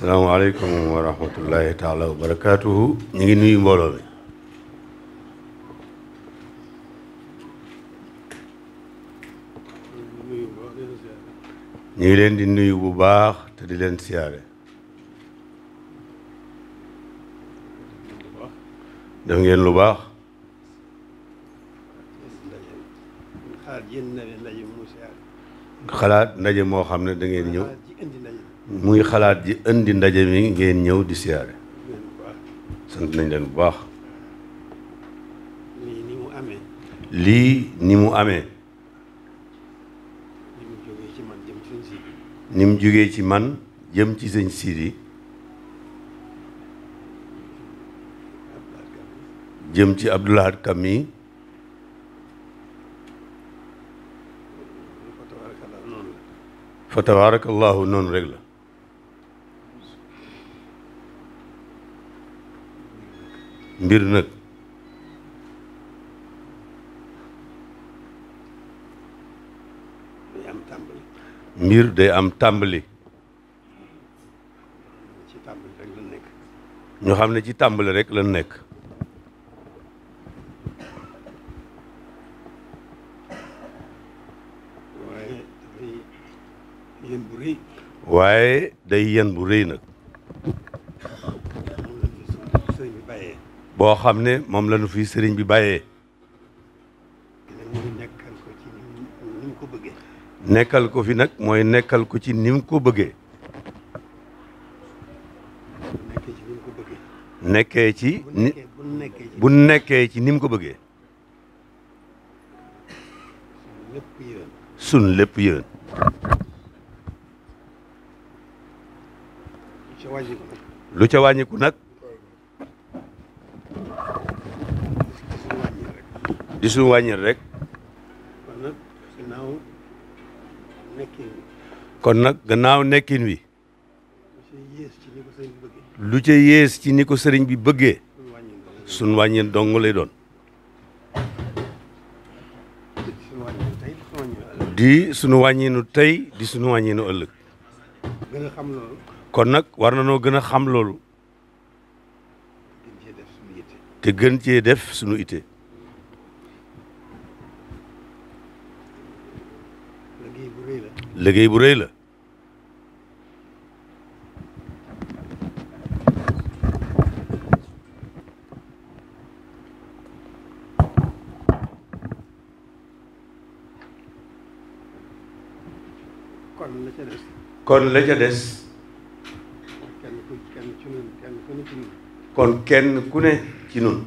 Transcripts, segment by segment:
salaamaaleykum wa rahmatullahi taala wa barakaatuhu ñu ngi nuyu mbooloo mi ñu ngi leen di nuyu bu baax te di leen siyaare def ngeen lu baax xalaat ndaje moo xam ne dangeen ñëw muy xalaat ji indi ndaje mi ngeen ñëw di siyaare sant nañ leen bu baax lii ni mu amee lii ni mu jógee ci man jëm ci sëñ Sidi jëm ci Abdou Lahad Ka mi fa tabaarakallaahu noonu rek la mbir nag mbir day am tàmbali ñu xam ne ci tàmbali rek la nekk waaye day yen bu rëy nag boo xam ne moom la ñu fi sëriñ bi bàyyee. nekkal ko fi nag mooy nekkal ko ci ni ko bëggee. nekkee ci ni bu nekkee ci nim ko bëggee. sun lépp yéen. lu ca wàññiku nag. di suñu wàññil rek. kon nag gannaaw nekkin wi. lu ci yées ci ni ko sëriñ bi bëggee. suñu wàññil dong lay doon. di suñu wàññinu tey di suñu wàññinu ëllëg. kon nag war na noo gën a xam loolu. te gën cee def sunu ite. liggéey bu la. liggéey bu rëy la. kon la des. kon kon kenn ku ne ci nun. ci nun.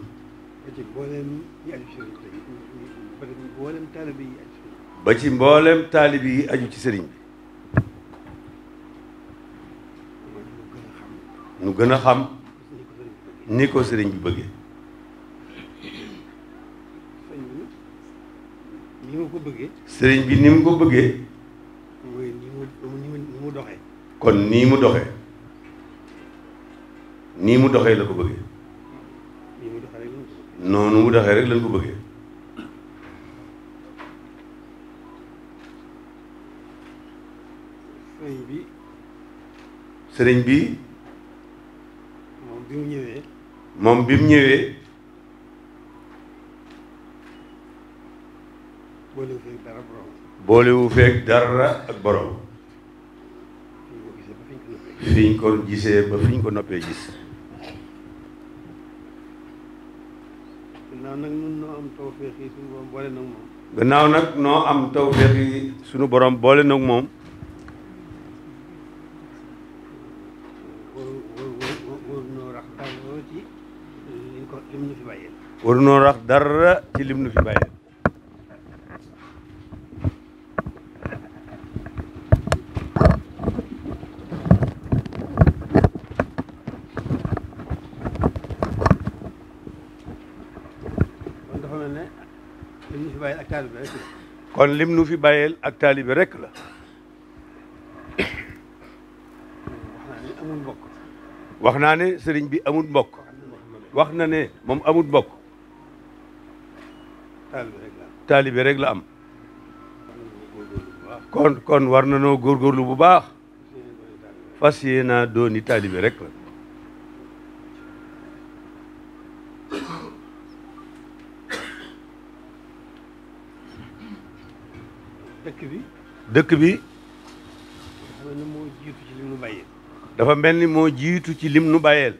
ba ci mboolem taalib yi aju ci sëriñ bi nu gën a xam ni ko sëriñ bi bëggee ni mu ko bëggee sëriñ bi ni mu ko bëggee mu ni kon nii mu doxee nii mu doxee la ko bëggee noonu mu doxee rek lañ ko bëggee sëriñ bi. moom bi mu ñëwee. moom bi mu ñëwee. boolewu feeg dara borom. boolewu feeg dara ak borom. fiñ ko gisee ba fiñ ko noppee gis. gannaaw nag noo am sunu borom boole noo am tawféex yi sunu borom boole nag moom. waruñoo wax dara ci lim nu fi bàyyi kon lim nu fi bàyyeel ak taalibe rek la wax naa ne sëriñ bi amul mbokk wax na moom amul bokk taalibe rek la am kon kon war na noo góorgóorlu bu baax fas naa dooni taalibe rek la dëkk bi dëkk bi dafa mel ni moo jiitu ci lim nu bàyyeel dafa mel ni moo jiitu ci lim nu bàyyeel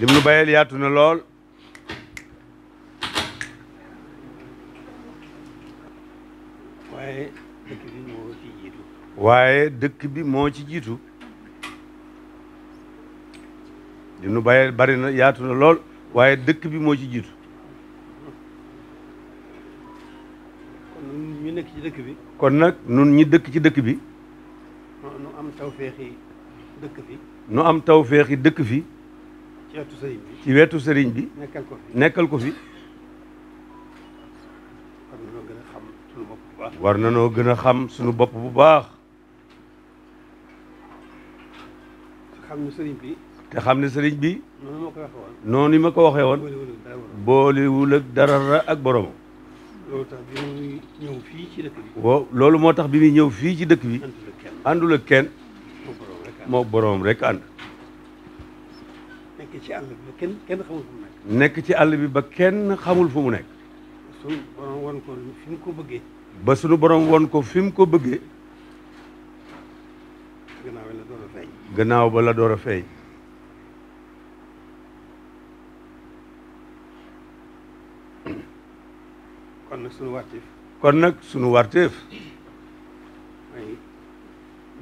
Diblu Bayel yaatu na lool waaye dëkk bi moo ci jiitu waaye dëkk bi moo ci jiitu Diblu Bayel bari na yaatu na lool waaye dëkk bi moo ci jiitu kon nun ñu nekk ci dëkk bi kon nag nun ñu dëkk ci dëkk bi nu am tawfeexi dëkk bi nu am tawféexi dëkk fi ci wetu sëriñ bi nekkal ko fi war na noo gën a xam suñu bopp bu baax te xam ne sëriñ bi noonu ma ko waxee woon boolewul ak dara ak borom loolu moo tax bi muy ñëw fii ci dëkk bi àndul kenn moo boroom rekk ànd. nekk ci àll bi ba kenn xamul fu mu nekk. ci àll bi ba kenn xamul fu mu nekk. sunu borom won ko fi mu ko bëggee. ba sunu boroom won ko fi mu ko bëggee. gannaaw ba la door a feeñ. gannaaw ba door a feeñ. kon nag sunu kon nag sunu warteef.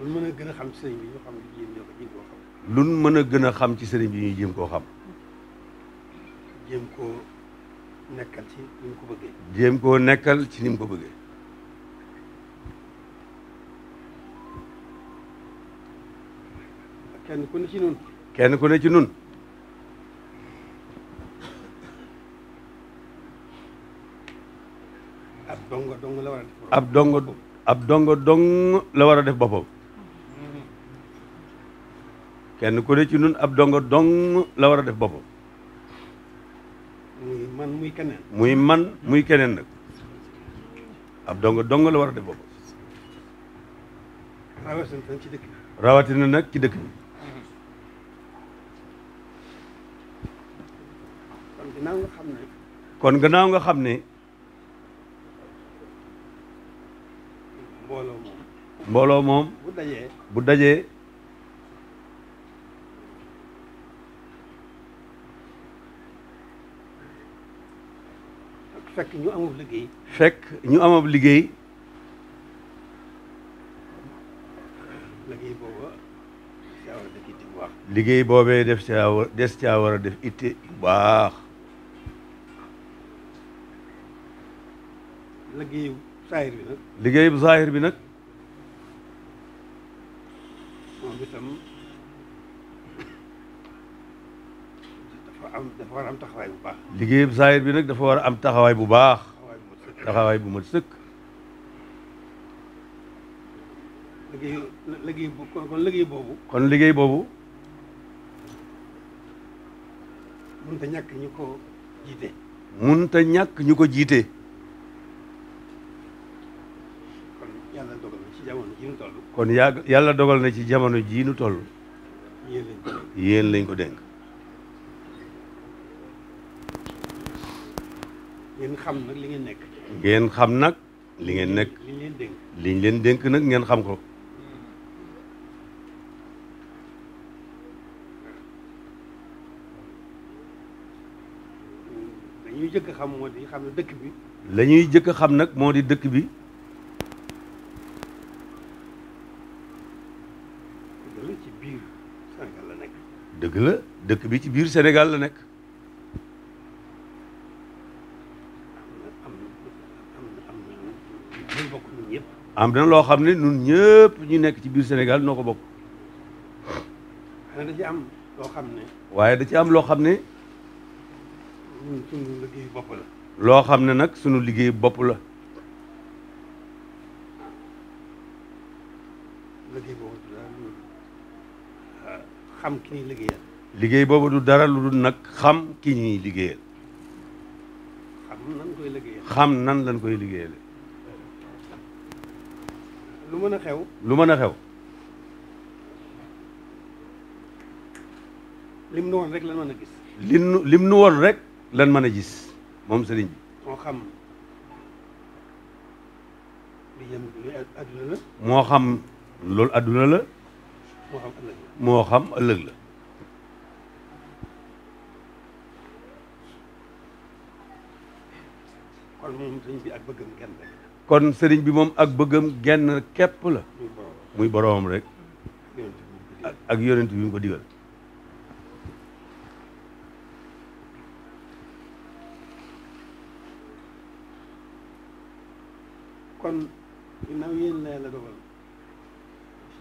luñ mën a gën a xam ci sëriñ bi ñu xam ñu xam. luñ mën a gën a xam ci sëriñ bi ñu koo xam. jéem koo nekkal ci ni ko bëggee. jéem koo nekkal ci ni ko bëggee. kenn ku ne nun kenn ku ne ci nun ab dongo dong la war def. ab dongo ab war a def boppam. kenn ku ne ab dongo dong la war a def boppam. muy man muy man muy keneen ab dongo dong la war a def boppam. rawatina rawatina nag ci dëkk bi. kon gannaaw nga xam ne. kon mbooloo moom. mbooloo moom. bu dajee. fekk ñu amub liggéey. fekk ñu amab liggéey. liggéey booba def caa war a def itte bu baax. liggéey boobee def caa war des caa war a def itte bu baax. liggéeyu saahir bi nag. liggéeyu saahir bi nag. moom itam. am a am taxawaay bu saayir bi nag dafa war am taxawaay bu baax. taxawaay bu mat sëkk. liggéey boobu. kon liggéey boobu. mënut a ñàkk ñu ko jiite. mënut a ñàkk ñu ko jiite. kon yàlla dogal na ci jamono jii nu toll. kon lañ ko dénk. ngeen xam nag li ngeen nekk. ngeen xam nag li ngeen nekk. liñ leen dénk nag ngeen xam ko. Hmm. lañuy jëkk xam moo di xam dëkk bi. lañuy ñuy jëkk xam nag moo di dëkk bi. dëgg la nekk. dëgg la dëkk bi ci biir senegal la nekk. am na loo xam ne ñun ñëpp ñu nekk ci biir Sénégal noo ko bokk. xanaa da ci am loo xam ne. waaye da ci am loo xam ne. ñun sunu liggéey bopp la. loo xam ne nag sunu liggéey bopp la. Ah, xam ki ñuy liggéeyal. liggéey boobu du dara lu dul nag xam ki ñuy liggéeyal. xam nan koy liggéeyal. xam nan lañ koy liggéeyale lu mën a xew lu mën a xew lim nu woon rek lan mën a gis lim nu woon rek lan mën a gis moom sëriñ bi moo xam lu jëm la moo xam loolu adduna la moo xam ëllëg la moo xam ëllëg kon moom sëriñ bi ak bëggam kenn rek kon sëriñ bi moom ak bëggam genn képp la muy boroomam rek ak yonent bi mu ko digal kon gannaaw yéen la yàlla dogal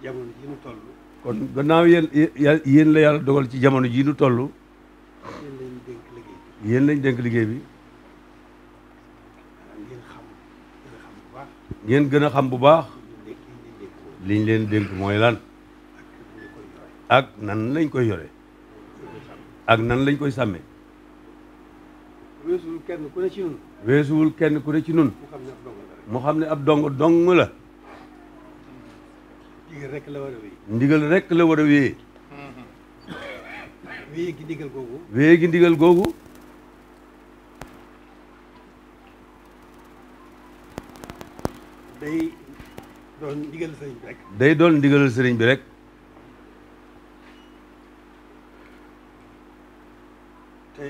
ci jamono ji nu gannaaw yéen yéen dogal ci jamono ji nu toll. yéen lañ dénk liggéey bi. ngeen gën a xam bu baax liñ leen dénk mooy lan ak nan lañ koy yore ak nan lañ koy sàmmee weesuwul kenn ku ne ci nun kenn ku ne ci nun mu xam ne ab dong dong la ndigal rek la war a wéy ndigal rek la war a wéyee gi ndigal googu doon ndigal day doon ndigalal sëriñ bi rek. te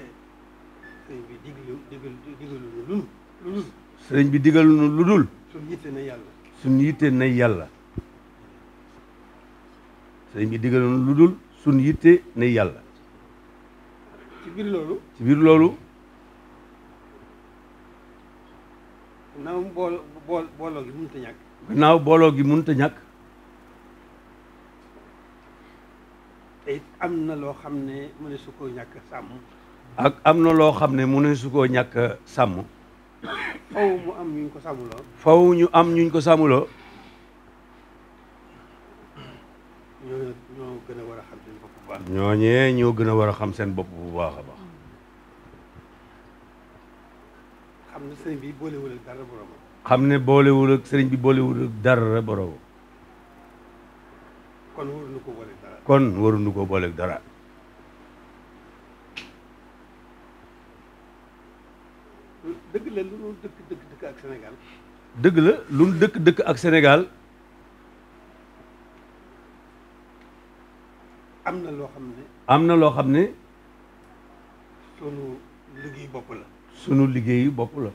sëriñ bi digalu digal digalu lu dul lu dul. sëriñ bi digalu nu lu dul. suñu yitte yàlla. suñu yitte na yàlla. sëriñ bi digalu nu lu dul suñu yitte na yàlla. ci biir loolu. ci loolu. naam bool bool booloo gi gannaaw booloo gi mënut a ñàkk te am na loo xam ne mu ne su koo ñàkk sàmm ak am na loo xam ne mu ne su koo ñàkk sàmm faw mu am ñuñ ko sàmmuloo faw ñu am ñuñ ko sàmmuloo ñoo ñoo gën a war a xam ñoo gën a war a xam seen bopp bu baax a baax na sëñ bi boolewul dara boromam xam ne boolewul ak sëriñ bi boolewul ak dara boroom kon waruñu ko boole kon waruñu ko boole dara dëgg la lu nu dëkk dëkk ak Sénégal dëgg la lu nu dëkk dëkk ak senegal am na loo xam ne am na loo xam ne sunu liggéey bopp la sunu liggéey bopp la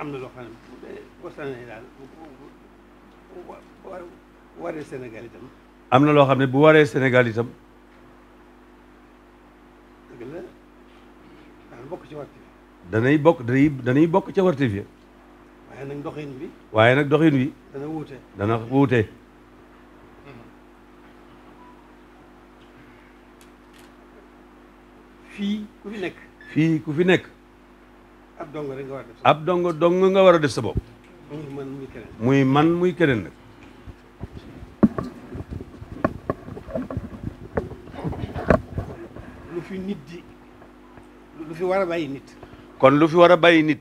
am na loo xam ne bu waree Sénégal itam. am na loo xam ne bu waree Sénégal bokk ci wartif. danay bokk danay danay bokk ca wartif ya. waaye nag doxin bi waaye nag doxin wi. dana wuute dana wuute. fii ku fi nekk. fii ku fi nekk. ab dong rek nga war a def ab nga war a def sa bopp. muy man muy keneen. muy man muy keneen nag. lu fi nit di lu fi war a bàyyi nit. kon lu fi war a bàyyi nit.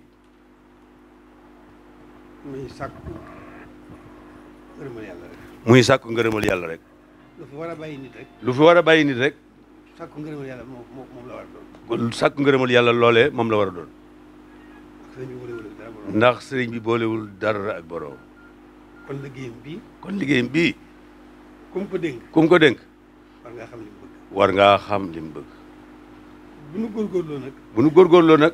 muy sàkku ngërëmal yàlla rek. muy sàkku yàlla rek. lu fi war a bàyyi nit rek. lu fi war a bàyyi nit rek. sàkku ngërëmal yàlla moom moom la war yàlla loolee moom la war a doon. ndax sëriñ bi boolewul dara ak borom. kon liggéeyam bii. kon liggéeyam bii. ku mu ko dénk ku ko dénk. war ngaa xam li mu bëgg. bu nu góorgóorloo nag. bu nu góorgóorloo nag.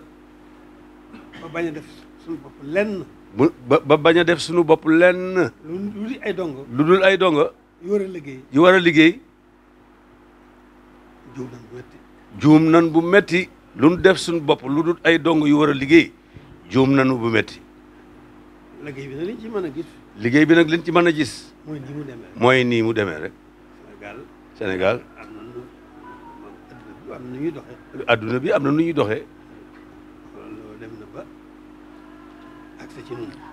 ba bañ a def sunu bopp lenn. bu ba bañ def suñu bopp lenn. lu dul ay dongo. lu liggéey. yu war a liggéey. juum nan bu metti. lu nu def suñu bopp lu dul ay dong yu war a liggéey. juum nu bu metti liggéey bi nag liñ ci mën a gis. liggéey bi nag liñ ci mën a gis. mooy nii mu demee rek mooy nii mu Sénégal Sénégal. bi am na nu ñuy doxe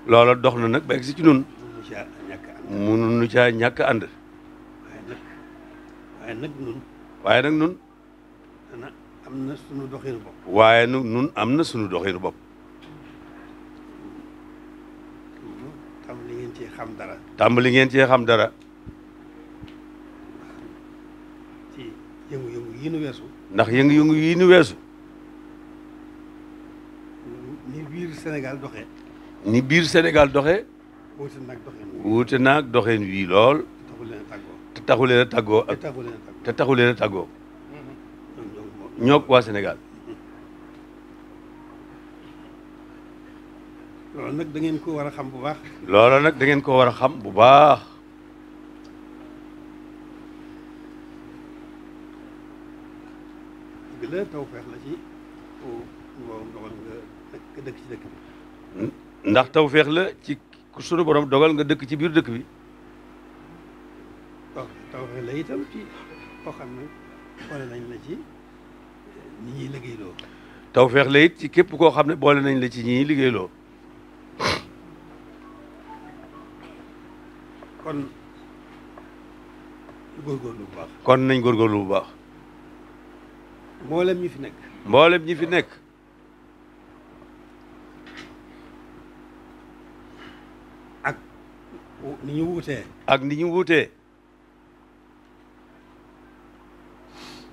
loolu dem dox na nag ba agsi ci nun mënuñu caa ñàkk ànd. mënuñu waaye waaye nag nun waaye nag nun. am na sunu doxinu bopp. waaye nu nun am na sunu doxinu bopp. xam dara. tàmbali ngeen cee xam dara. ci ndax yëngu-yëngu yi nu weesu. ni biir Sénégal doxe ni biir Sénégal doxee. wuute naag naag doxeen wii lool. te taxu a tàggoo. te taxu a tàggoo te taxu leen a mm-hmm. ñoog waa Sénégal. loolu nag da ngeen ko war a xam bu baax. loolu nag da ngeen ko war a xam bu baax. dëgg la tawfeex la ci borom dogal nga dëkk ci dëkk bi. ndax tawfeex la ci sunu borom dogal nga dëkk ci biir dëkk bi. waaw tawfeex la itam ci koo xam ne boole nañ la ci ñi ñuy liggéeyloo. tawfeex la it ci képp koo xam ne boole nañ la ci ñi ñuy liggéeyloo. kon góorgóorlu nañ góorgóorlu bu baax. mboolem ñi fi nekk. mboolem ñi fi nekk. ak ni ñu wuutee. ak ni ñu wuutee.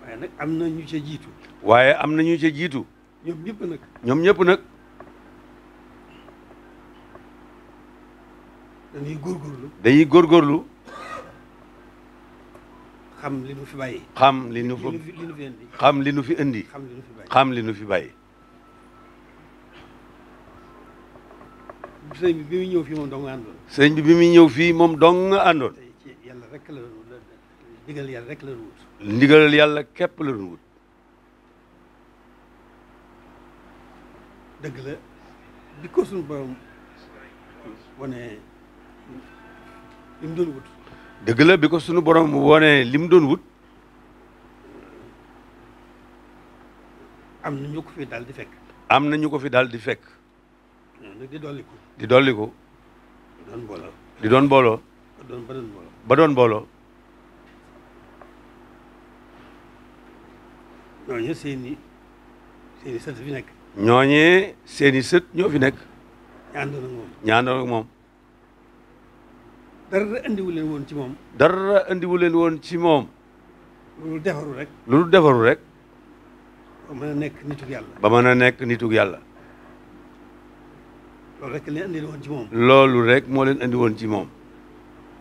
waaye nag am na ñu ca jiitu. waaye am na ñu ca jiitu. ñoom ñëpp ñoom ñëpp nag. dañuy góorgóorlu. dañuy góorgóorlu. xam li nu fi bàyyi. xam li nu fi xam li fi indi. xam li nu fi bàyyi. sëñ bi bi muy ñëw fi mu dong nga àndoon. bi bi muy ñëw fii moom dong nga àndoon. yàlla rek la ndigal yàlla wut. ndigal yàlla képp la ko suñu borom li mu doon wut. dëgg la bi ko sunu borom wone li mu doon wut. am na ñu fi dal di fekk. am na ñu ko fi daal di fekk. di dolli ko. di dolli ko. di doon mbooloo. di doon mbooloo. ba doon mbooloo. ba doon mbooloo. ñooñu seeni seeni sët fi nekk. ñooñee seeni ñoo fi nekk. ñaandoon ak moom ñaandoon moom. dara andiwu leen woon ci moom. dara andiwu leen woon ci moom. lu defaru rek. lu defaru rek. ba mën a nekk nitug yàlla. ba mën a nekk nitug yàlla. loolu rek loolu rek moo leen andi woon ci moom.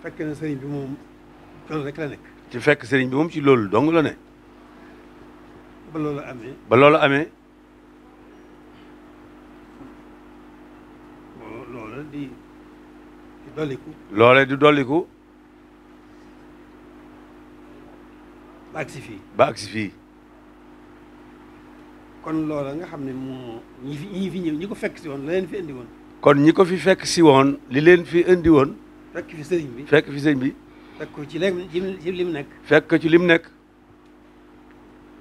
fekk na sëriñ bi moom ci fekk sëriñ bi ci loolu dong la ne. ba loolu amee. dolliku loole di dolliku ba agsi fii ba si fii kon loola nga xam ne moo ñi fi ñi fi ñëw ñi ko fekk la leen fi indi woon kon ñi ko fi fekk si woon li leen fi indi woon fekk fi sëriñ bi fekk fi sëriñ bi fekk ko ci léegi ci lim nekk fekk ko ci lim nekk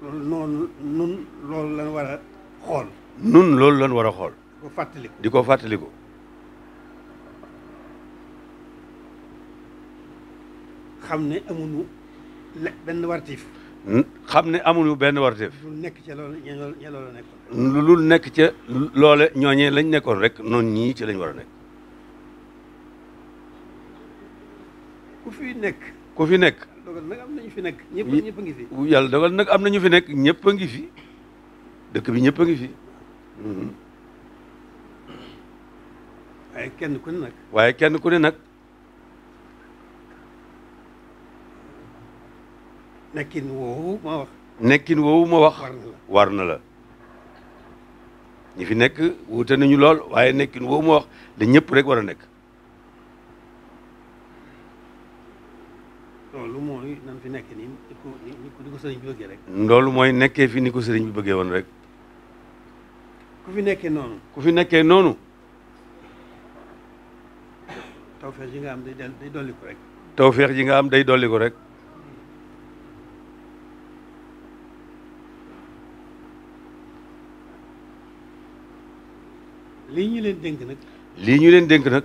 loolu noonu nun loolu lan war a xool nun loolu lan war a xool di ko fàttaliku ko xam ne amuñu benn wartiif xam ne amuñu benn wartiif nekk ca nekk ca loole ñooñee lañ nekkoon rek noonu ñii ci lañ war a nekk ku fi nekk ku fi nekk dogal nag am nañu fi nekk ñëpp ñëpp fi yàlla dogal nag am nañu fi nekk ñëpp a ngi fi dëkk bi ñëpp a ngi fi waaye kenn ku ne waaye kenn ku ne nag nekkin woowu ma wax. nekkin woowu wax. war na la ñi fi nekk wuute nañu lool waaye nekkin woowu ma wax da ñëpp rek war nekk. loolu mooy nan fi nekk nii ko ni ko sëriñ mooy nekkee fi ni ko sëriñ bi bëggee woon rek. ku fi nekkee noonu. ku fi nekkee noonu. tawfeex ji nga am day dolli ko rek. tawfeex ji nga am day dolli ko rek. lii ñu leen dénk nag. lii ñu leen dénk nag.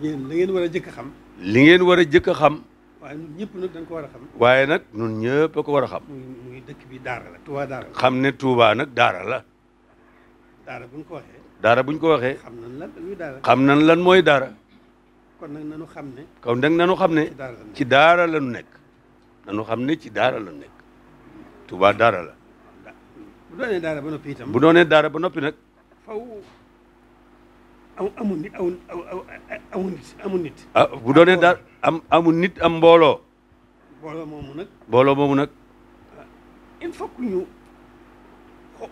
ngeen li ngeen war a jëkk a xam. li ngeen war a jëkk a xam. waaye ñun ñëpp nag dañ ko war a xam. waaye nag ñun ñëpp a ko war a xam. muy dëkk bi daara la Touba daara la. xam ne Touba nag daara la. daara buñ ko waxee. daara buñ ko waxee. xam nan lan luy daara. xam nan lan mooy daara. kon nag nanu xam ne. kon nag nanu xam ne. ci daara la ñu nekk. nanu xam ne ci daara la ñu nekk. Touba daara la. bu doonee daara ba noppi itam. bu doonee daara ba noppi nag. faw aw nit aw amu nit ah, am nit am mbooloo. mbooloo moomu nag. mbooloo moomu nag. il faut ñu xo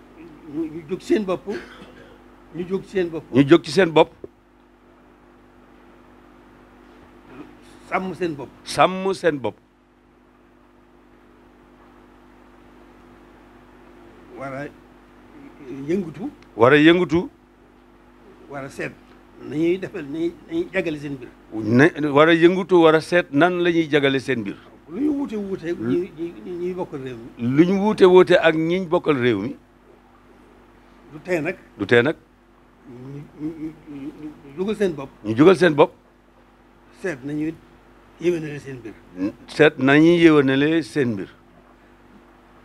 ñu jóg seen bopp ñu jóg seen bopp. ñu jóg ci seen bopp. sàmm seen bopp. sàmm seen bopp. war a yëngatu. war a yëngatu. war seet na ñuy defal na ñuy jagale seen mbir. na war a yëngatu war a seet nan la ñuy jagale seen mbir. lu ñu wuute wuute ak bokkal réew mi. lu ñu wuute wuute ak ñiñ bokkal réew mi. du tee nag. du tee nag. ñu jugal seen bopp. ñu jugal seen bopp. seet nañu yéwénale seen mbir. seet nañuy yéwénale seen mbir.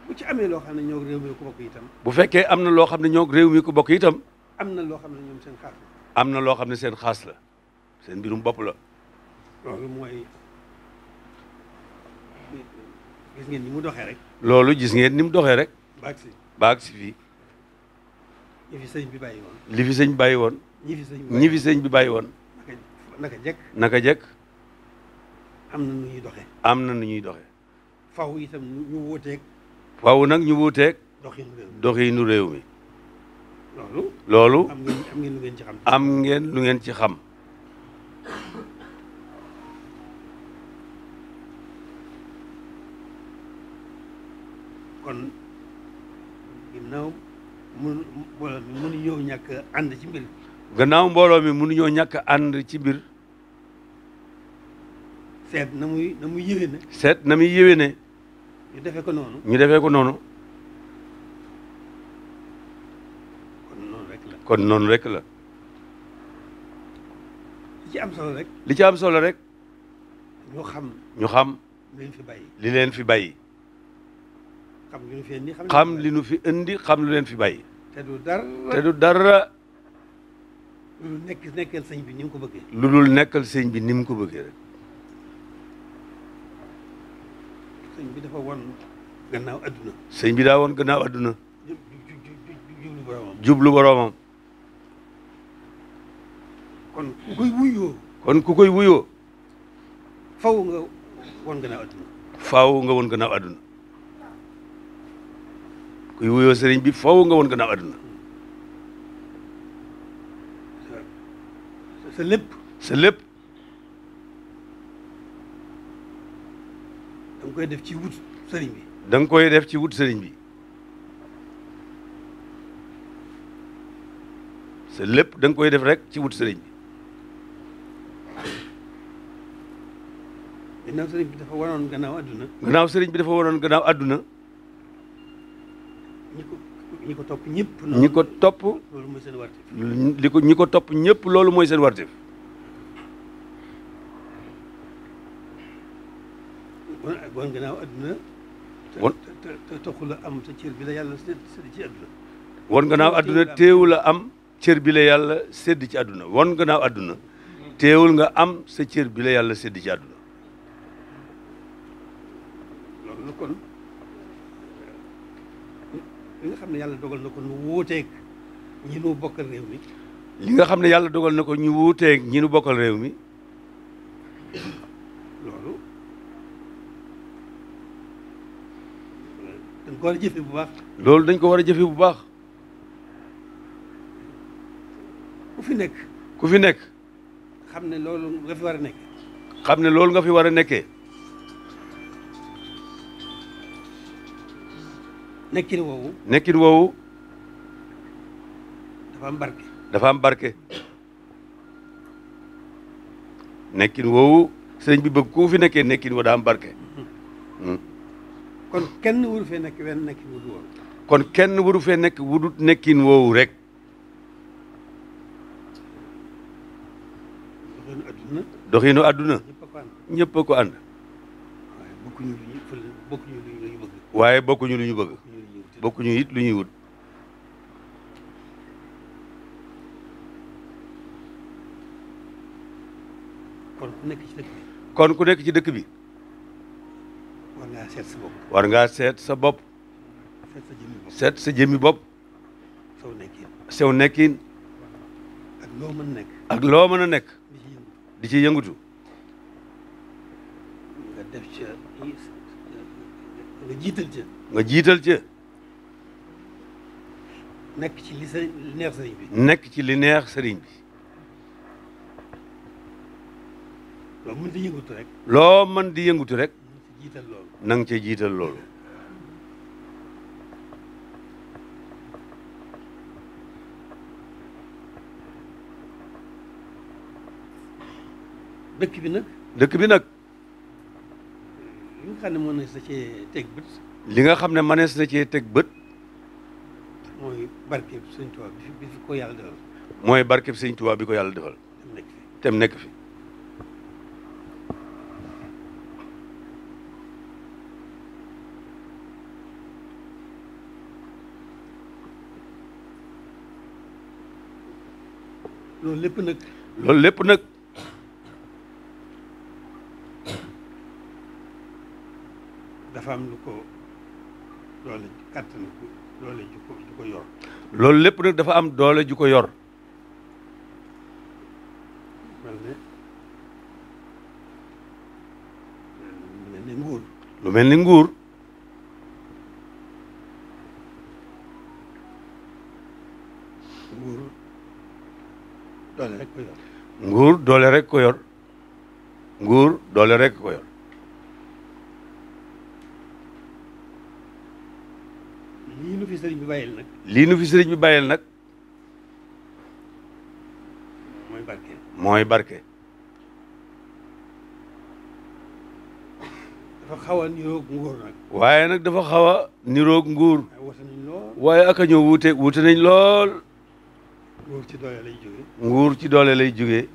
bu ci amee loo xam ne ñoo réew mi ku bokk itam. bu fekkee am na loo xam ne ñoo réew mi ku bokk itam. am na loo xam ne ñoom seen xaas la. am na loo xam ne seen xaas la seen mbirum bopp la. loolu mooy gis ngeen ni mu doxee rek. loolu gis ngeen ni mu doxee rek. baag si si fii. li fi sëñ bi bàyyi woon. li fi sëñ bàyyi woon. ñi fi bi ñi bàyyi woon. naka jekk naka jekk. am na nu ñuy doxee. am na nu ñuy doxe waaw nag ñu wuuteeg doxiinu réew mi loolu am ngeen lu ngeen ci xam kon ginnaaw mun mbooloo mi mënuñoo ñàkk ànd ci mbir gannaaw mbooloo mi mënuñoo ñàkk ànd ci mbir seet na muy na muy seet na muy yéwéne ñu defee ko noonu. ñu defee ko noonu. kon noonu rek la. kon noonu rek la. li ci am solo rek. li ci am solo rek. ñu xam. ñu xam. li leen fi bàyyi. li leen fi bàyyi. xam li nu fi indi xam li nu fi indi xam lu leen fi bàyyi. te du dara te du dara. lu dul nekkal sëñ bi ni mu ko bëggee. lu dul nekkal sëñ bi ni mu ko bëggee rek. sëñ bi dafa won gannaaw adduna. sëñ bi daa won gannaaw adduna. jublu boromam jublu kon ku koy wuyoo. kon ku koy wuyoo. nga won gannaaw adduna. faaw nga won gannaaw adduna. kuy wuyoo sëriñ bi faaw nga won gannaaw adduna. sa lépp. sa lépp. da koy def ci wut sëriñ bi. da koy def ci wut sëriñ bi. sa lépp da koy def rek ci wut sëriñ bi. bi dafa waroon gannaaw adduna. gannaaw sëriñ bi dafa waroon ganaaw adduna. ñi ko topp ñëpp. ñi ko topp. loolu mooy seen warteef. li ko ñi ko topp ñëpp loolu mooy seen warteef. wan gannaaw adduna. wan te a am te cër bi la yàlla sédd ci adduna. wan gannaaw adduna teewul a am cër bi la yàlla sédd ci adduna wan gannaaw adduna nga am sa cër bi yàlla sédd ci adduna. loolu kon li nga xam ne yàlla dogal na ko nu wuuteeg ñi bokkal réew mi. li nga xam ne yàlla dogal na ko ñu wuuteeg ñi bokkal réew mi. dañ ko war a jëfee bu baax. loolu dañ ko war a jëfee bu baax. ku fi nekk. ku fi nekk. xam ne loolu nga fi war a nekk. xam ne loolu nga fi war a nekkee. nekkin woowu. nekkin woowu. dafa am barke. dafa am barke. nekkin woowu sëriñ bi bëgg ku fi nekkee nekkin woo barke. Mhm. Hmm. kon kenn waru fee nekk wenn kenn waru fee nekk wudut nekkin woowu rek doxinu adduna doxinu ko ànd waaye bokkuñu lu ñu bëgg bokkuñu it lu ñuy wut kon ku kon ku nekk ci dëkk bi ngaa seet war nga seet sa bopp. seet sa jëmmi bopp seet sa sew nekkin sew nekkin. ak loo a nekk. ak loo mën a nekk. di ci yëngutu nga ca nga jiital ca. nekk ci li neex sëriñ bi. nekk ci li neex sëriñ bi. loo mën di yëngutu rek. na nga ca jiital loolu dëkk bi nag dëkk bi nag li nga xam ne mënees na cee teg bët li nga xam ne mënees na cee teg bët mooy barkeb sëñ Tuubaa bi fi ko yàlla defal mooy barkeb sëñ Tuubaa bi ko yàlla defal tem nekk fi lool lépp nag. loolu lépp nag. dafa am lu ko doole kàttan doole ju loolu lépp nag dafa am doole ju ko yor. mel ne lu mel ni nguur. lu mel ni nguur. nguur doole rek ko yor nguur doole rek ko yor lii fi sëriñ bi bàyyil nag lii fi sëriñ bi bàyyil nag mooy barke mooy dafa xaw a niroog nguur nag waaye nag dafa xaw a niroog nguur waaye aka ñëw wuute wuute nañ lool nguur ci doole lay jóge nguur ci doole lay jóge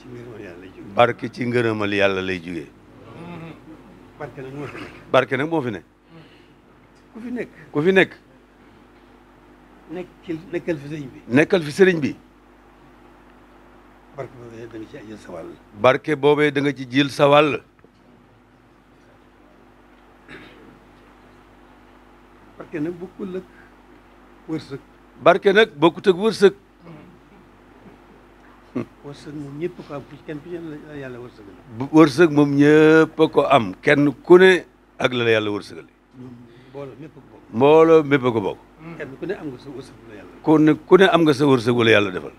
ci ngërëmal yàlla lay jóge barke ci ngërëmal yàlla lay jóge barke nag moo fi nekk barke ku fi nekk ku fi nekk nekkal nekkal fi sëriñ bi nekkal fi sëriñ ci jil sa wàll nag bokkul ak wërsëg barke nag bokkut wërsëg. wërsëg moom ñëpp ko am kenn ku ne yàlla wërsëgal. wërsëg moom ñëpp ko am kenn ku ak la la yàlla wërsëgal. mbooloo mépp ko bokk. Mm. kenn ku am nga sa wërsëg wala yàlla. ku defal.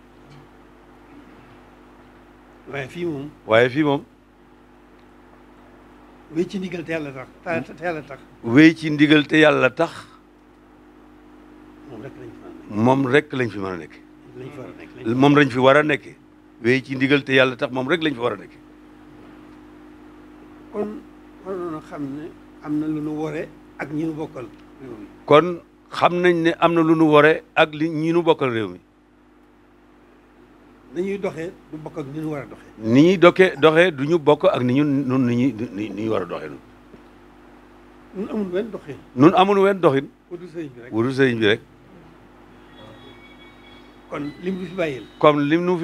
waaye fii moom. waaye ci ndigal te yàlla tax te tax. wéy ndigal te yàlla tax. moom rek lañ fi mën a nekk. moom lañ fi war a nekkee ci ndigal te yàlla tax moom rek lañ fi war a nekkee. kon xam ne am na lu nu wore ak ñi nu bokkal réew mi. kon xam nañ ne am na lu nu wore ak li ñi nu bokkal réew mi. ni ñuy doxee du bokk ak ni ñu war a ni ñuy doxee doxee du ñu bokk ak ni ñu nun ni ñuy war a doxee nun. nun amul wenn doxin. nun amul wenn doxin. wutu sëriñ bi bi rek. kon lim nu fi bàyyil. comme lim nu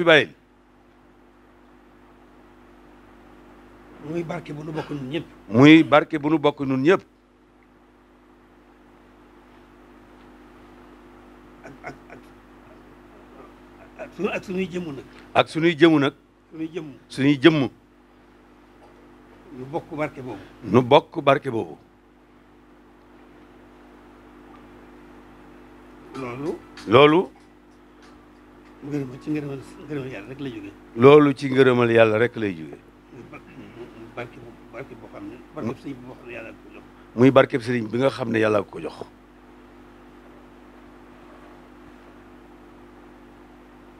muy barke bu nu bokk ñun ñëpp. muy barke bu nu bokk ñun ñëpp. ak ak ak ak sunuy nag. ak sunuy jëmm nag. sunuy jëmm sunuy jëmm. nu bokk barke boobu. nu bokk barke boobu. loolu. ngërëmal ci lay jógee. loolu ci ngërëmal yàlla rek lay jógee. barke barke boo bi boo muy barkeb sëriñ bi nga xam ne yàlla ko jox.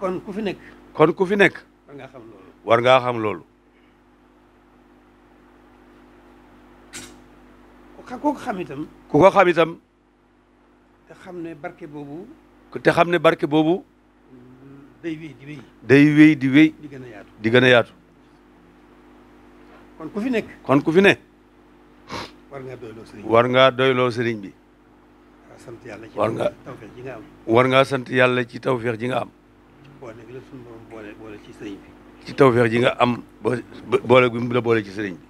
kon ku fi nekk. kon ku fi nekk. war ngaa xam loolu. war ngaa xam loolu. ku ko xam ku ko xam itam. te xam ne barke boobu. te xam ne barke boobu. day wéy di wéy. day wéy di wéy. di gën a yaatu di gën a yaatu. kon ku fi nekk. kon ku fi ne. war ngaa doyloo sëriñ bi war ngaa doyloo sëriñ bi. sant yàlla ci war ngaa tawfeex ji nga am. war ngaa sant yàlla ci tawfeex ji nga am. boole gi la sunu borom ci sëriñ bi. ji nga am boole gi la boole ci sëriñ bi.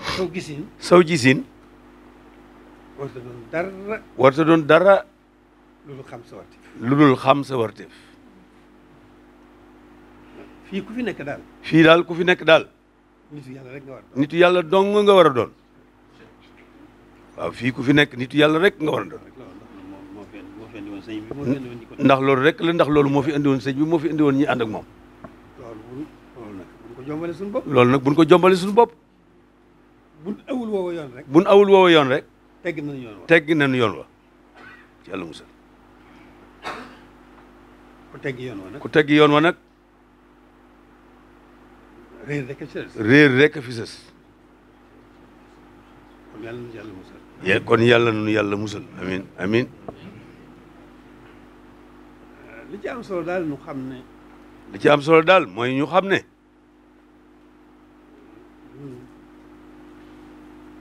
saw gisin. saw gisin. warta doon doon dara. lu dul xam sa wartif. lu xam sa fii ku fi nekk daal. fii daal ku fi nekk daal. nitu yàlla rek nga war yàlla dong nga war a doon. waaw fii ku fi nekk nit yàlla rek nga war a doon. ndax loolu rek la ndax loolu moo fi indi woon sëñ bi moo fi indi woon ñi ànd ak moom. jombale suñu bopp loolu nag buñ ko jombale suñu bopp. buñ awul woowa yoon rek. buñ awul yoon rek. tegg nañu yoon wa tegg nañu yoon wa ci ku teggi yoon wa nag ku teggi yoon wa nag. réer rek kon yàlla nu yàlla musal. ye kon amin amin li ci am solo daal ñu xam ne. li ci am solo daal mooy ñu xam ne.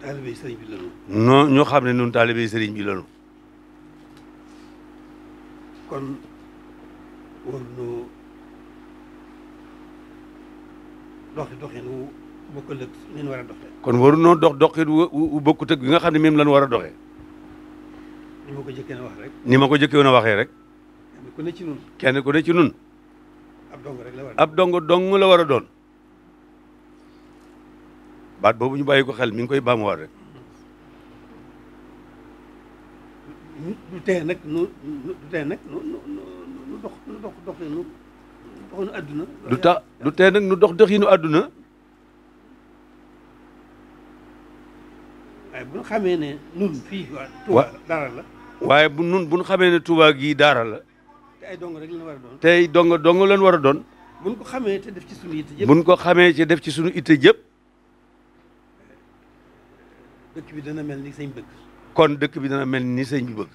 taalibe yi sëriñ bi lanu. ñu xam ne ñun taalibe yi sëriñ kon. wóoruloo doxi doxin wu bokkul ak li ñu war dox doxin wu wu bokkut bi nga xam ne même lan war a doxee. ni ma ko jëkkee wax rek. ni ma ko jëkkee woon rek. kenn ku ne ci nun kenn ku ne ci nun ab dong rek la war a war a doon. baat boobu ñu bàyyi ko xel mi ngi koy baamuwaat rek. du tee nag nu nu. dox nu dox du tax du tee nag nu dox doxinu àdduna waaye bu xamee ne nun la waaye bu nun bu ñu xamee ne Tuubaa gii daara la te ay dong war a doon tey dong dong lañ war a doon bu ñu ko xamee te def ci suñu itte jëpp bu xamee def ci suñu itte jëpp dëkk bi dana mel ni sëñ bëgg kon dëkk bi dana mel ni sëñ bëgg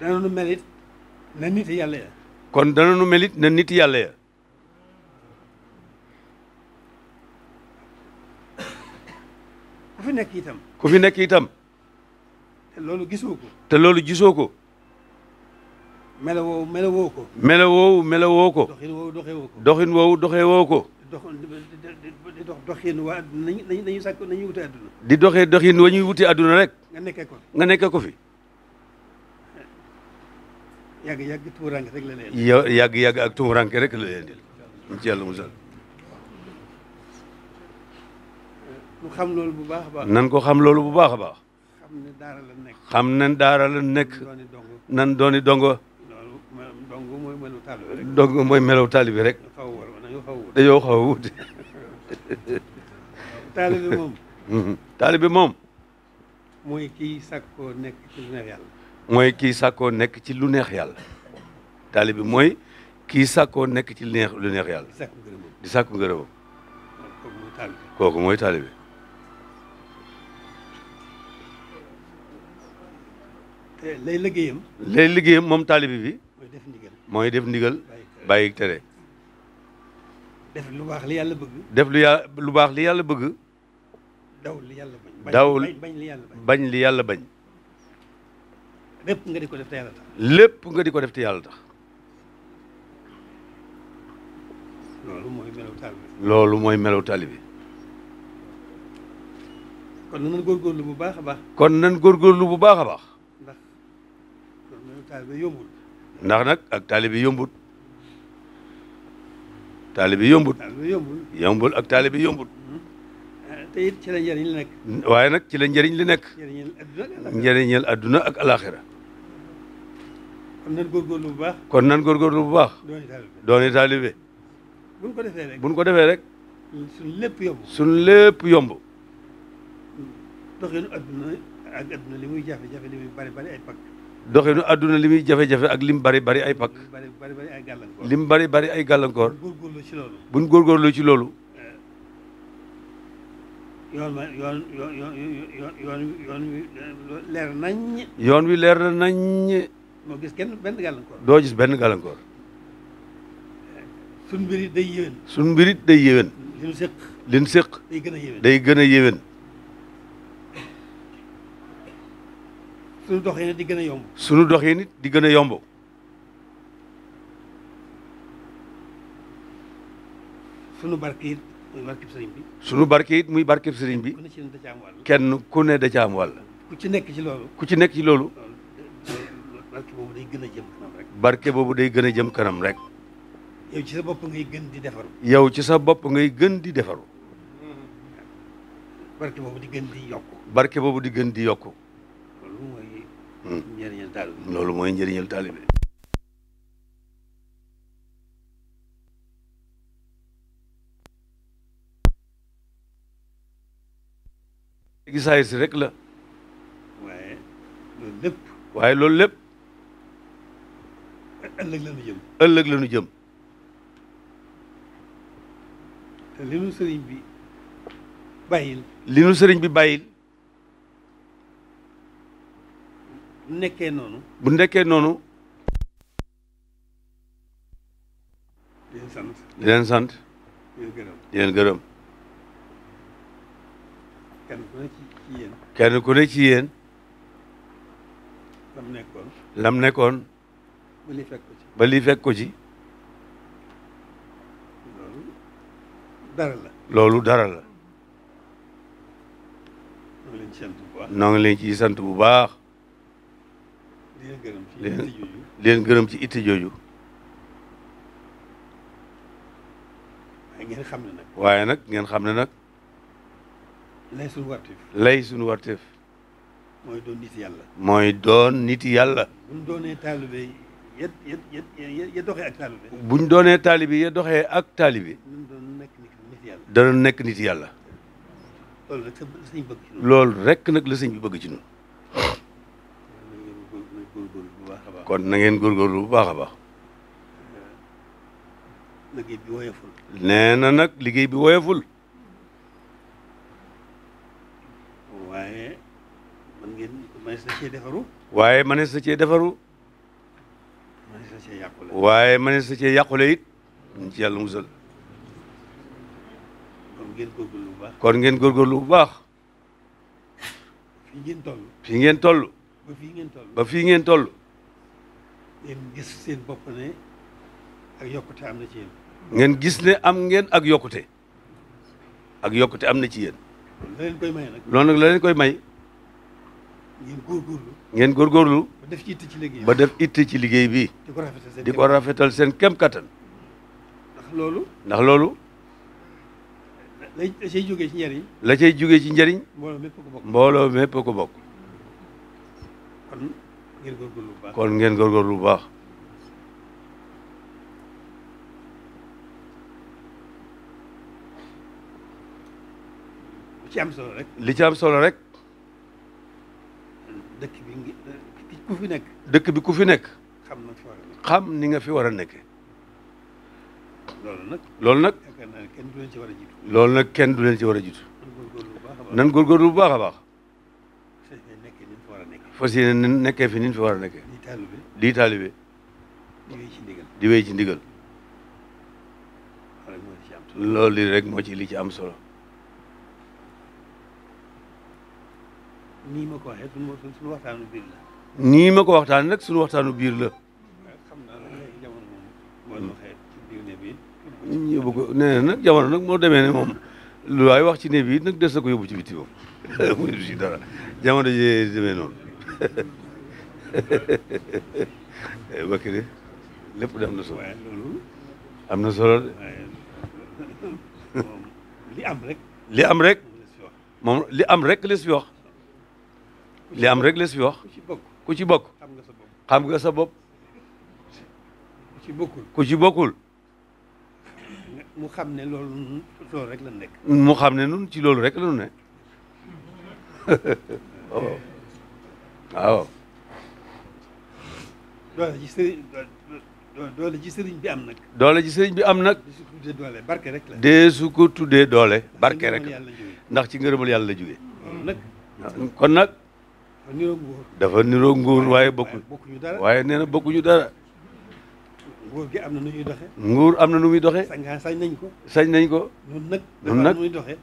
danañu melit na nit yàlla ya kon danañu melit na nit yàlla ya ku fi nekk itam ku fi nekk itam te loolu gisoo ko te loolu gisoo ko melo woowu melo woo ko melo woowu melo woo ko doxin woowu doxee woo ko doxin woowu doxee woo ko dox di dox doxin waa nañu nañu sàkk nañuy wute adduna di doxee doxin wa ñuy wute adduna rek nga nekkee nga nekkee ko fi yàgg yàgg tuumuranke rek la yàgg yàgg ak tuumuranke rek la leen di mu ci yàlla musal. nu xam loolu bu baax a baax. nan ko xam loolu bu baax a baax. xam ne daara la nekk. xam ne daara la nekk. nan dooni dongo. dongo mooy melow taalibi rek. dongo rek. dañoo xaw a wuute. moom. taalibi moom. mooy kiy sakkoo nekk ci lu neex mooy kii sàkkoo nekk ci lu neex yàlla taalibe bi mooy kii sàkkoo nekk ci lu neex lu neex yàlla di sàkku ngërëmam kooku mooy taalibe lay liggéeyam lay liggéeyam moom taalibe bi mooy def ndigal bàyyi tere def lu baax li yàlla bëgg baax li yàlla bëgg daw li yàlla daw bañ li yàlla bañ lépp nga di ko def te yàlla tax. nga di ko def te yàlla tax. loolu mooy melaw taalibe. loolu mooy melaw taalibe. kon nan góorgóorlu bu baax a baax. kon nan góorgóorlu bu baax a baax. ndax melaw yombul. ndax nag ak taalibe yombul. taalibe yombul. taalibe yombul. yombul ak taalibe yombul. Hmm. te ci la njëriñ li waaye nag ci la njëriñ li nekk. njëriñal adduna ak alaxira. ak alaxira. kon nan góorgóorlu bu baax. kon nan góorgóorlu bu baax. dooni taalibe dooni ko defee rek buñ ko defee rek. suñ lépp yomb. suñ lépp yomb. doxinu adduna adduna li muy jafe-jafe li muy bari bari ay pakk. doxinu adduna li muy jafe-jafe ak lim bari bari ay pakk. bari bari bari ay gàllankoor. lim bari bari ay gàllankoor. buñ góorgóorlu ci loolu. buñ góorgóorlu ci loolu. Eh, yoon ma wi leer naññ. yoon wi leer naññ. doo gis kenn benn gàllankoor. doo benn gàllankoor. suñ mbir it day yéwén. suñ mbir day yéwén. séq. li ñu séq. gën a yéwén day gën a yéwén. suñu dox yi di gën a yomb. suñu dox yi di gën a yomb. suñu barke it muy barkeb sëriñ bi. suñu muy barkeb sëriñ bi. kenn ku ne da ca am wàll. ci nekk ci loolu. ku ci nekk ci loolu. barke boobu day gën a jëm kanam rek. barke boobu day gën a jëm kanam rek. yow ci sa bopp ngay gën di defaru. yow ci sa bopp ngay gën di defaru. Hmm. barke boobu di gën di yokku. barke boobu di gën di yokku. loolu mooy. Hmm. njëriñal taalibe. loolu mooy njëriñal taalibe. gisaay si rek la. waaye loolu lépp. waaye loolu lépp. ëllëg la jëm. ëllëg la jëm. te li nu sëriñ bi bàyyil. li nu sëriñ bi bàyyil. bu noonu. bu nekkee noonu. di sant. di leen sant. di leen gërëm di leen gërëm. kenn ku ci yéen. kenn ci yéen. lam nekkoon. nekkoon. ba lii fekk ko ci. loolu dara la. loolu dara la. leen ci sant bu baax noo leen ciy sant bu baax. leen gërëm ci itti jooju di leen waaye nag. ngeen xam ne nag. lay sunu warteef. mooy doon nit yàlla. ya ya ya ya doxee bu ñu doonee taalibe ya doxee ak taalibe. dana nekk nit yàlla. loolu rek la sëñ bëgg ci loolu nag la sëñ bi bëgg ci ñun. kon na ngeen góorgóorlu bu baax a baax. liggéey bi woyoful. na nag liggéey bi woyoful. waaye man ngeen cee defaru. waaye mënees na cee defaru. waaye mënees na cee yàqule it ñu ci yàlla musal kon ngeen góorgóorlu lu baax fii ngeen toll fii ngeen toll ba fii ngeen toll ba fii ngeen toll ngeen gis seen bopp ne ak yokkute am na ci ngeen gis ne am ngeen ak yokkute ak yokkute am na ci yéen loolu nag la leen koy may ngeen góorgóorlu ba def itte ci liggéey bi di ko rafetal seen kem kattan ndax loolu ndax loolu la cay jógee ci njëriñ la cay jógee ci njëriñ mbooloo mépp ko bokk kon ngeen góorgóorlu bu baax ci am solo rek li ci am solo rek dëkk bi ku fi nekk. dëkk bi ku fi nekk. xam na fi ni nga fi war a nekkee. loolu nag. loolu nag. kenn du leen ci war a jiitu. nag kenn du leen ci war a jiitu. nan góorgóorlu lu baax a baax. fas yéene nekkee fi ni ñu fi war a nekkee. di taalibe di taalibe. di ci ndigal di wéy ci ndigal. loolu rek moo ci li ci am solo. nii ma ko waxee sunu sunu waxtaanu biir la. nii ma ko waxtaanee nag sunu waxtaanu biir la. yóbbu ko nee na jamono nag moo demee ne moom lu waay wax ci ne bi nag des na ko yóbbu ci biti moom muy du si dara jamono ji demee noonu lépp de am na solo am na solo li am rek li am rek moom li am rek les fi li am rek les fi wax ku ci bokk xam nga sa bopp ku ci bokkul mu xam ne loolu loolu rek la nekk mu xam ne nun ci loolu rek la ne oh. waaw waaw doole ji sëriñ bi am nag doole ji sëriñ bi am nag dee su ko tuddee doole barke rek la dee su ko tuddee doole barke rek ndax ci ngërëmal yàlla la jógee kon nag dafa niroog nguur waaye bokkul waaye nee na bokkuñu dara. nguur gi am na nu ñuy doxee. nguur am na nu muy doxee. sañ nañ ko. sañ nañ ko. ñun nag ñun nag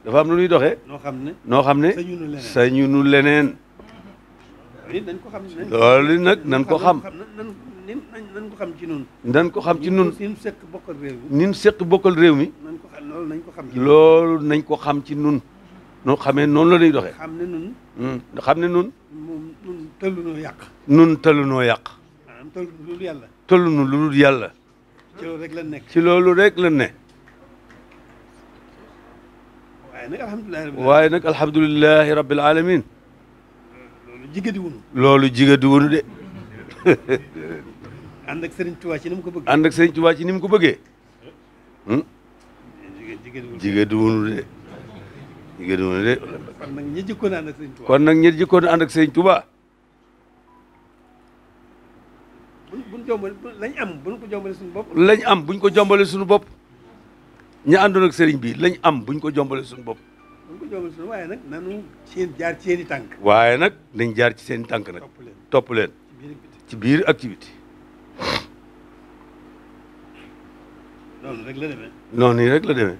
dafa am na muy doxe noo xam ne noo xam ne. sañu nu leneen sañu nu leneen. loolu nag nañ ko xam. nan ko xam ci nun nan ko xam ci nun ñun seq bokkal réew mi. ñun réew mi. nañ ko xam ci loolu nañ ko xam ci nun noo xamee noonu la ñuy doxee. xam ne nun hmm, xam ne nun moom nun tëllunoo yàq. nun tëllunoo yàq. maanaam tëllunu lu dul yàlla. tëllunu lu yàlla. ci loolu rek la nekk ci loolu rek la ne. waaye nag alhamdulilah. waaye nag alhamdulilah loolu jigadiwunu. loolu jigadiwunu de. ànd ak Serigne Touba ci ni mu ko bëggee. ànd ak Serigne Touba ci ni ko bëggee. Hmm? jigadiwunu de. ñu génn woon de kon nag ñi jëkkoon ànd ak sëñ Touba kon nag ñi jëkkoon ànd ak sëñ Touba buñ jombale lañ am buñ ko jombale suñu bopp lañ am buñ ko jombale suñu bopp ñu àndoon ak sëriñ bi lañ am buñ ko jombale suñu bopp buñ ko jombale suñu waaye nag nanu seen jaar ci seen i tànk waaye nag dañ jaar ci seen i tànk nag topp leen ci biir ak ci biti noonu rek la demee noonu rek la demee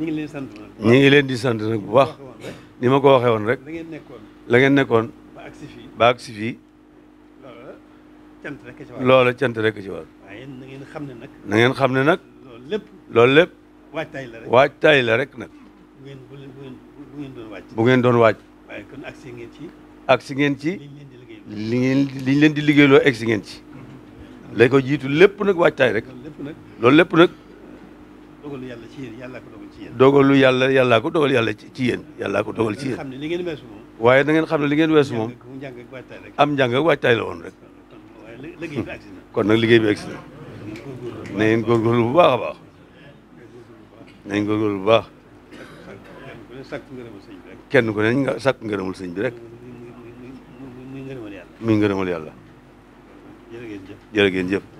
ñu ngi leen di sant nag. ñu ngi leen di sant nag bu baax. ni ma ko waxee woon rek. la ngeen nekkoon. la ngeen nekkoon. ba agsi fii ba agsi fii. loola cant rek ci war. ci war. waaye na ngeen xam ne nag. na ngeen xam ne nag. loolu lépp. loolu lépp. waajtaay la rek la rek nag. bu ngeen bu ngeen bu ngeen doon waaj. bu ngeen waaye kon agsi ngeen ci. agsi ngeen ci. li ngeen li ñu leen di liggéeyloo agsi ngeen ci. Mhm. lay ko jiitu lépp nag waajtaay rek. loolu lépp nag. dogalu yàlla ci yéen yàllaa ko ci yéen. dogalu yàlla yàllaa ko dogal yàlla ci yéen yàllaa ko dogal ci yéen. waaye da ngeen xam ne li ngeen weesu moom. am njàng ak waajtaay la woon rek. kon nag liggéey bi agsi na. na ngeen góorgóorlu bu baax a baax. na ngeen góorgóorlu bu baax. kenn ku ne nga sàkk ngërëmul sëñ bi rek. muy ngërëmal yàlla. jërë ngeen jëf.